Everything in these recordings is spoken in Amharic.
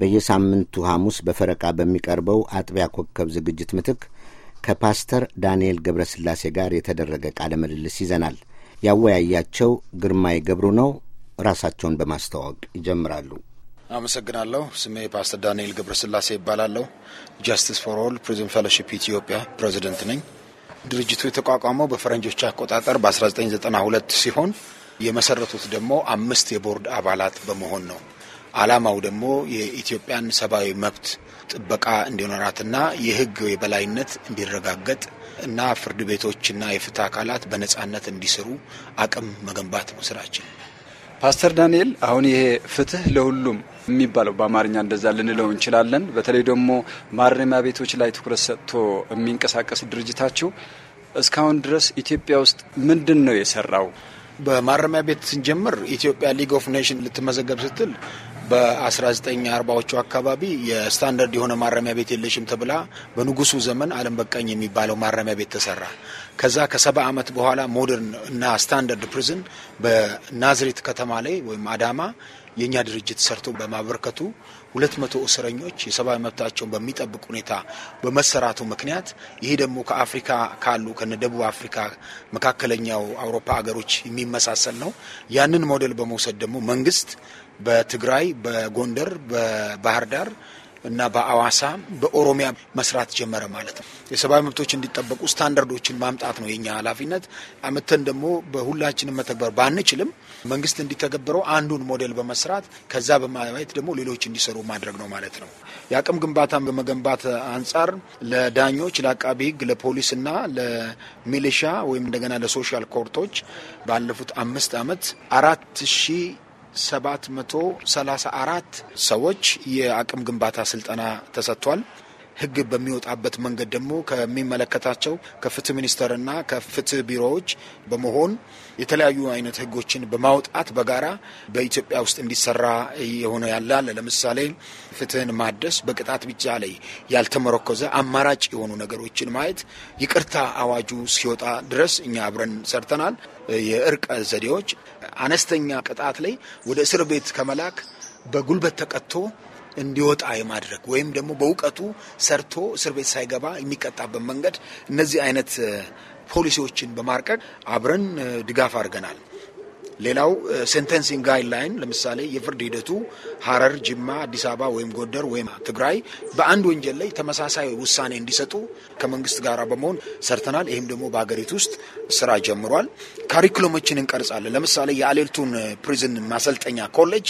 በየሳምንቱ ሐሙስ በፈረቃ በሚቀርበው አጥቢያ ኮከብ ዝግጅት ምትክ ከፓስተር ዳንኤል ገብረስላሴ ጋር የተደረገ ቃለ ምልልስ ይዘናል። ያወያያቸው ግርማይ ገብሩ ነው። ራሳቸውን በማስተዋወቅ ይጀምራሉ። አመሰግናለሁ። ስሜ ፓስተር ዳንኤል ገብረስላሴ ይባላለሁ። ጃስቲስ ፎር ኦል ፕሪዝን ፌሎሺፕ ኢትዮጵያ ፕሬዚደንት ነኝ። ድርጅቱ የተቋቋመው በፈረንጆች አቆጣጠር በ1992 ሲሆን የመሰረቱት ደግሞ አምስት የቦርድ አባላት በመሆን ነው። አላማው ደግሞ የኢትዮጵያን ሰብአዊ መብት ጥበቃ እንዲኖራትና የሕግ የበላይነት እንዲረጋገጥ እና ፍርድ ቤቶችና የፍትህ አካላት በነጻነት እንዲሰሩ አቅም መገንባት ነው ስራችን። ፓስተር ዳንኤል አሁን ይሄ ፍትህ ለሁሉም የሚባለው በአማርኛ እንደዛ ልንለው እንችላለን። በተለይ ደግሞ ማረሚያ ቤቶች ላይ ትኩረት ሰጥቶ የሚንቀሳቀስ ድርጅታችሁ እስካሁን ድረስ ኢትዮጵያ ውስጥ ምንድን ነው የሰራው? በማረሚያ ቤት ስንጀምር ኢትዮጵያ ሊግ ኦፍ ኔሽን ልትመዘገብ ስትል በ1940ዎቹ አካባቢ የስታንዳርድ የሆነ ማረሚያ ቤት የለሽም ተብላ በንጉሱ ዘመን አለም በቃኝ የሚባለው ማረሚያ ቤት ተሰራ። ከዛ ከሰባ ዓመት በኋላ ሞደርን እና ስታንዳርድ ፕሪዝን በናዝሬት ከተማ ላይ ወይም አዳማ የእኛ ድርጅት ሰርቶ በማበርከቱ ሁለት መቶ እስረኞች የሰብአዊ መብታቸውን በሚጠብቅ ሁኔታ በመሰራቱ ምክንያት ይሄ ደግሞ ከአፍሪካ ካሉ ከነ ደቡብ አፍሪካ መካከለኛው አውሮፓ ሀገሮች የሚመሳሰል ነው። ያንን ሞዴል በመውሰድ ደግሞ መንግስት በትግራይ፣ በጎንደር፣ በባህር ዳር እና በአዋሳ በኦሮሚያ መስራት ጀመረ ማለት ነው። የሰብአዊ መብቶች እንዲጠበቁ ስታንዳርዶችን ማምጣት ነው የኛ ኃላፊነት። አምተን ደግሞ በሁላችንም መተግበር ባንችልም መንግስት እንዲተገብረው አንዱን ሞዴል በመስራት ከዛ በማየት ደግሞ ሌሎች እንዲሰሩ ማድረግ ነው ማለት ነው። የአቅም ግንባታ በመገንባት አንጻር ለዳኞች፣ ለአቃቢ ህግ፣ ለፖሊስና ለሚሊሻ ወይም እንደገና ለሶሻል ኮርቶች ባለፉት አምስት አመት አራት ሺህ 734 ሰዎች የአቅም ግንባታ ስልጠና ተሰጥቷል። ህግ በሚወጣበት መንገድ ደግሞ ከሚመለከታቸው ከፍትህ ሚኒስቴርና ከፍትህ ቢሮዎች በመሆን የተለያዩ አይነት ህጎችን በማውጣት በጋራ በኢትዮጵያ ውስጥ እንዲሰራ የሆነ ያላለ ለምሳሌ ፍትህን ማደስ በቅጣት ብቻ ላይ ያልተመረኮዘ አማራጭ የሆኑ ነገሮችን ማየት ይቅርታ አዋጁ ሲወጣ ድረስ እኛ አብረን ሰርተናል። የእርቀ ዘዴዎች አነስተኛ ቅጣት ላይ ወደ እስር ቤት ከመላክ በጉልበት ተቀጥቶ እንዲወጣ የማድረግ ወይም ደግሞ በእውቀቱ ሰርቶ እስር ቤት ሳይገባ የሚቀጣበት መንገድ እነዚህ አይነት ፖሊሲዎችን በማርቀቅ አብረን ድጋፍ አድርገናል። ሌላው ሴንተንሲንግ ጋይድላይን ለምሳሌ የፍርድ ሂደቱ ሀረር ጅማ፣ አዲስ አበባ ወይም ጎደር ወይም ትግራይ በአንድ ወንጀል ላይ ተመሳሳይ ውሳኔ እንዲሰጡ ከመንግስት ጋር በመሆን ሰርተናል። ይህም ደግሞ በሀገሪቱ ውስጥ ስራ ጀምሯል። ካሪኩለሞችን እንቀርጻለን። ለምሳሌ የአሌልቱን ፕሪዝን ማሰልጠኛ ኮሌጅ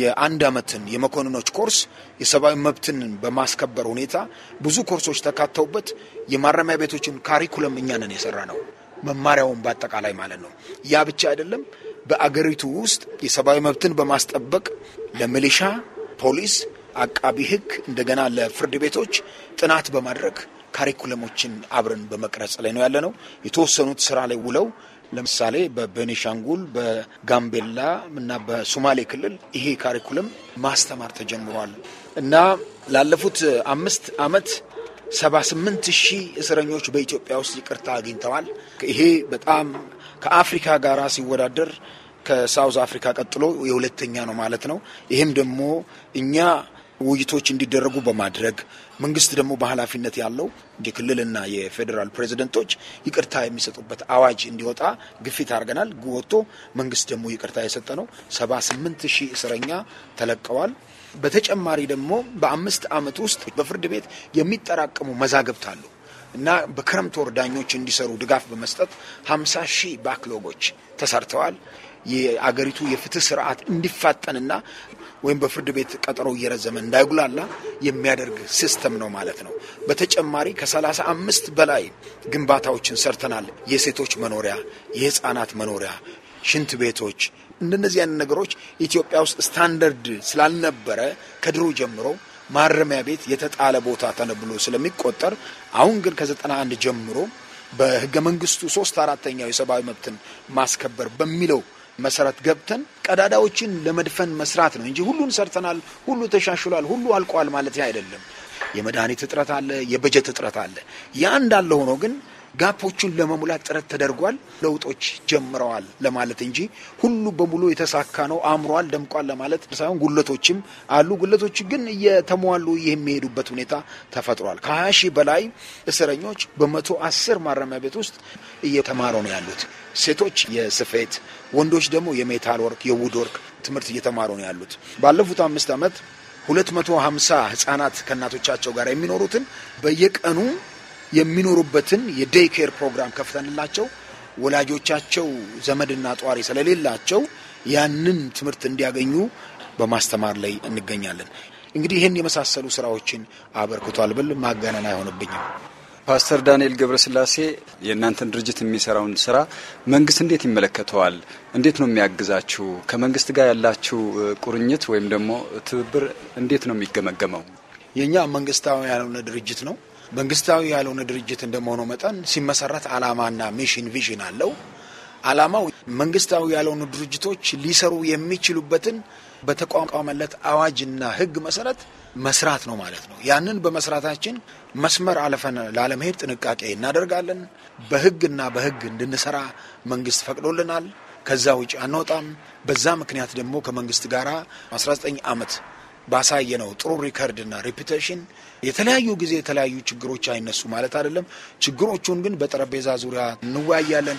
የአንድ ዓመትን የመኮንኖች ኮርስ የሰብአዊ መብትን በማስከበር ሁኔታ ብዙ ኮርሶች ተካተውበት የማረሚያ ቤቶችን ካሪኩለም እኛንን የሰራ ነው። መማሪያውን በአጠቃላይ ማለት ነው። ያ ብቻ አይደለም። በአገሪቱ ውስጥ የሰብአዊ መብትን በማስጠበቅ ለሚሊሻ ፖሊስ፣ አቃቢ ሕግ እንደገና ለፍርድ ቤቶች ጥናት በማድረግ ካሪኩለሞችን አብረን በመቅረጽ ላይ ነው ያለ ነው። የተወሰኑት ስራ ላይ ውለው ለምሳሌ በቤኒሻንጉል በጋምቤላ እና በሶማሌ ክልል ይሄ ካሪኩለም ማስተማር ተጀምሯል እና ላለፉት አምስት ዓመት 78 ሺህ እስረኞች በኢትዮጵያ ውስጥ ይቅርታ አግኝተዋል። ይሄ በጣም ከአፍሪካ ጋር ሲወዳደር ከሳውዝ አፍሪካ ቀጥሎ የሁለተኛ ነው ማለት ነው። ይህም ደግሞ እኛ ውይይቶች እንዲደረጉ በማድረግ መንግስት ደግሞ በኃላፊነት ያለው የክልልና የፌዴራል ፕሬዚደንቶች ይቅርታ የሚሰጡበት አዋጅ እንዲወጣ ግፊት አድርገናል። ወጥቶ መንግስት ደግሞ ይቅርታ የሰጠ ነው። ሰባ ስምንት ሺህ እስረኛ ተለቀዋል። በተጨማሪ ደግሞ በአምስት ዓመት ውስጥ በፍርድ ቤት የሚጠራቀሙ መዛግብት አሉ እና በክረምት ወር ዳኞች እንዲሰሩ ድጋፍ በመስጠት ሀምሳ ሺህ ባክሎጎች ተሰርተዋል። የአገሪቱ የፍትህ ስርዓት እንዲፋጠንና ወይም በፍርድ ቤት ቀጠሮ እየረዘመ እንዳይጉላላ የሚያደርግ ሲስተም ነው ማለት ነው። በተጨማሪ ከሰላሳ አምስት በላይ ግንባታዎችን ሰርተናል። የሴቶች መኖሪያ፣ የህፃናት መኖሪያ፣ ሽንት ቤቶች እንደነዚህ አይነት ነገሮች ኢትዮጵያ ውስጥ ስታንዳርድ ስላልነበረ ከድሮ ጀምሮ ማረሚያ ቤት የተጣለ ቦታ ተነብሎ ስለሚቆጠር አሁን ግን ከዘጠና 91 ጀምሮ በህገ መንግስቱ ሶስት አራተኛው የሰብአዊ መብትን ማስከበር በሚለው መሰረት ገብተን ቀዳዳዎችን ለመድፈን መስራት ነው እንጂ ሁሉን ሰርተናል፣ ሁሉ ተሻሽሏል፣ ሁሉ አልቋል ማለት አይደለም። የመድኃኒት እጥረት አለ፣ የበጀት እጥረት አለ። ያ እንዳለ ሆኖ ግን ጋፖቹን ለመሙላት ጥረት ተደርጓል። ለውጦች ጀምረዋል ለማለት እንጂ ሁሉ በሙሉ የተሳካ ነው አምሯል፣ ደምቋል ለማለት ሳይሆን ጉለቶችም አሉ። ጉለቶች ግን እየተሟሉ የሚሄዱበት ሁኔታ ተፈጥሯል። ሺህ በላይ እስረኞች በመቶ አስር ማረሚያ ቤት ውስጥ እየተማሩ ነው ያሉት። ሴቶች የስፌት ወንዶች ደግሞ የሜታል ወርክ የውድ ወርክ ትምህርት እየተማሩ ነው ያሉት። ባለፉት አምስት ዓመት 250 ህጻናት ከእናቶቻቸው ጋር የሚኖሩትን በየቀኑ የሚኖሩበትን የዴይ ኬር ፕሮግራም ከፍተንላቸው ወላጆቻቸው ዘመድና ጧሪ ስለሌላቸው ያንን ትምህርት እንዲያገኙ በማስተማር ላይ እንገኛለን። እንግዲህ ይህን የመሳሰሉ ስራዎችን አበርክቷል ብል ማጋነን አይሆንብኝም። ፓስተር ዳንኤል ገብረስላሴ የእናንተን ድርጅት የሚሰራውን ስራ መንግስት እንዴት ይመለከተዋል? እንዴት ነው የሚያግዛችሁ? ከመንግስት ጋር ያላችሁ ቁርኝት ወይም ደግሞ ትብብር እንዴት ነው የሚገመገመው? የእኛ መንግስታዊ ያልሆነ ድርጅት ነው። መንግስታዊ ያልሆነ ድርጅት እንደመሆኑ መጠን ሲመሰረት አላማና ሚሽን ቪዥን አለው። አላማው መንግስታዊ ያልሆኑ ድርጅቶች ሊሰሩ የሚችሉበትን በተቋቋመለት አዋጅና ህግ መሰረት መስራት ነው ማለት ነው። ያንን በመስራታችን መስመር አለፈን ላለመሄድ ጥንቃቄ እናደርጋለን። በህግና በህግ እንድንሰራ መንግስት ፈቅዶልናል። ከዛ ውጭ አንወጣም። በዛ ምክንያት ደግሞ ከመንግስት ጋር 19 ዓመት ነው ጥሩ ሪከርድና ሬፒቴሽን የተለያዩ ጊዜ የተለያዩ ችግሮች አይነሱ ማለት አይደለም። ችግሮቹን ግን በጠረጴዛ ዙሪያ እንወያያለን።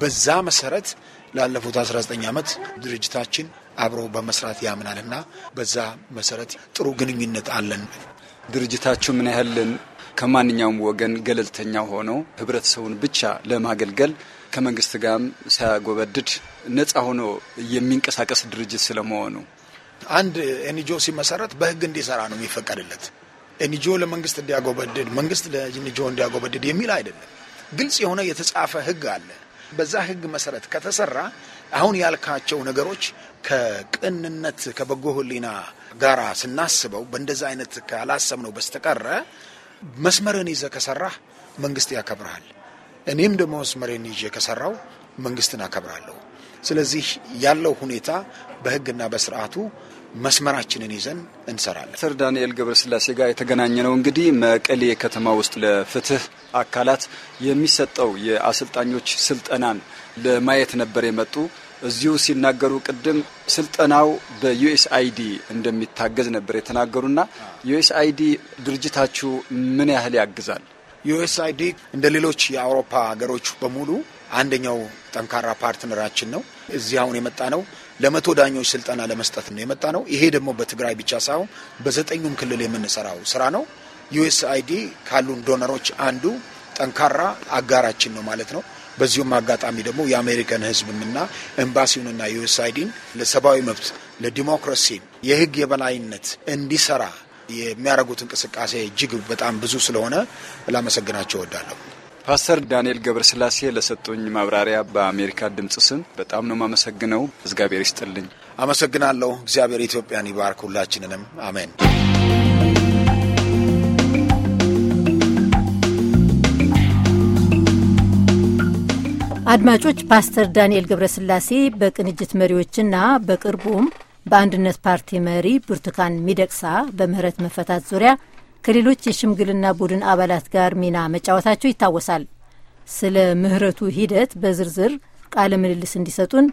በዛ መሰረት ላለፉት 19 ዓመት ድርጅታችን አብሮ በመስራት ያምናልና በዛ መሰረት ጥሩ ግንኙነት አለን። ድርጅታችሁ ምን ያህል ከማንኛውም ወገን ገለልተኛ ሆኖ ህብረተሰቡን ብቻ ለማገልገል ከመንግስት ጋርም ሳያጎበድድ ነጻ ሆኖ የሚንቀሳቀስ ድርጅት ስለመሆኑ አንድ ኤንጂኦ ሲመሰረት በህግ እንዲሰራ ነው የሚፈቀድለት። ኤንጂኦ ለመንግስት እንዲያጎበድድ፣ መንግስት ለኤንጂኦ እንዲያጎበድድ የሚል አይደለም። ግልጽ የሆነ የተጻፈ ህግ አለ። በዛ ህግ መሰረት ከተሰራ አሁን ያልካቸው ነገሮች ከቅንነት ከበጎ ህሊና ጋር ስናስበው በእንደዛ አይነት ካላሰብነው በስተቀረ መስመርን ይዘ ከሰራህ መንግስት ያከብርሃል። እኔም ደግሞ መስመሬን ይዤ ከሰራው መንግስትን አከብራለሁ። ስለዚህ ያለው ሁኔታ በህግና በስርዓቱ መስመራችንን ይዘን እንሰራለን። ስር ዳንኤል ገብረስላሴ ጋር የተገናኘ ነው። እንግዲህ መቀሌ ከተማ ውስጥ ለፍትህ አካላት የሚሰጠው የአሰልጣኞች ስልጠናን ለማየት ነበር የመጡ እዚሁ ሲናገሩ ቅድም ስልጠናው በዩኤስአይዲ እንደሚታገዝ ነበር የተናገሩና ዩኤስአይዲ ድርጅታችሁ ምን ያህል ያግዛል? ዩኤስአይዲ እንደ ሌሎች የአውሮፓ ሀገሮች በሙሉ አንደኛው ጠንካራ ፓርትነራችን ነው። እዚህ አሁን የመጣ ነው ለመቶ ዳኞች ስልጠና ለመስጠት ነው የመጣ ነው። ይሄ ደግሞ በትግራይ ብቻ ሳይሆን በዘጠኙም ክልል የምንሰራው ስራ ነው። ዩኤስአይዲ ካሉን ዶነሮች አንዱ ጠንካራ አጋራችን ነው ማለት ነው። በዚሁም አጋጣሚ ደግሞ የአሜሪካን ሕዝብምና ኤምባሲውንና ዩኤስአይዲን ለሰብአዊ መብት፣ ለዲሞክራሲ፣ የህግ የበላይነት እንዲሰራ የሚያደርጉት እንቅስቃሴ እጅግ በጣም ብዙ ስለሆነ ላመሰግናቸው እወዳለሁ። ፓስተር ዳንኤል ገብረስላሴ ለሰጡኝ ማብራሪያ በአሜሪካ ድምፅ ስም በጣም ነው የማመሰግነው። እግዚአብሔር ይስጥልኝ። አመሰግናለሁ። እግዚአብሔር ኢትዮጵያን ይባርክ። ሁላችንንም አሜን። አድማጮች ፓስተር ዳንኤል ገብረስላሴ በቅንጅት መሪዎችና በቅርቡም በአንድነት ፓርቲ መሪ ብርቱካን ሚደቅሳ በምህረት መፈታት ዙሪያ ከሌሎች የሽምግልና ቡድን አባላት ጋር ሚና መጫወታቸው ይታወሳል። ስለ ምህረቱ ሂደት በዝርዝር ቃለ ምልልስ እንዲሰጡን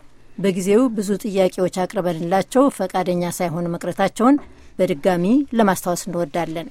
በጊዜው ብዙ ጥያቄዎች አቅርበንላቸው ፈቃደኛ ሳይሆኑ መቅረታቸውን በድጋሚ ለማስታወስ እንወዳለን።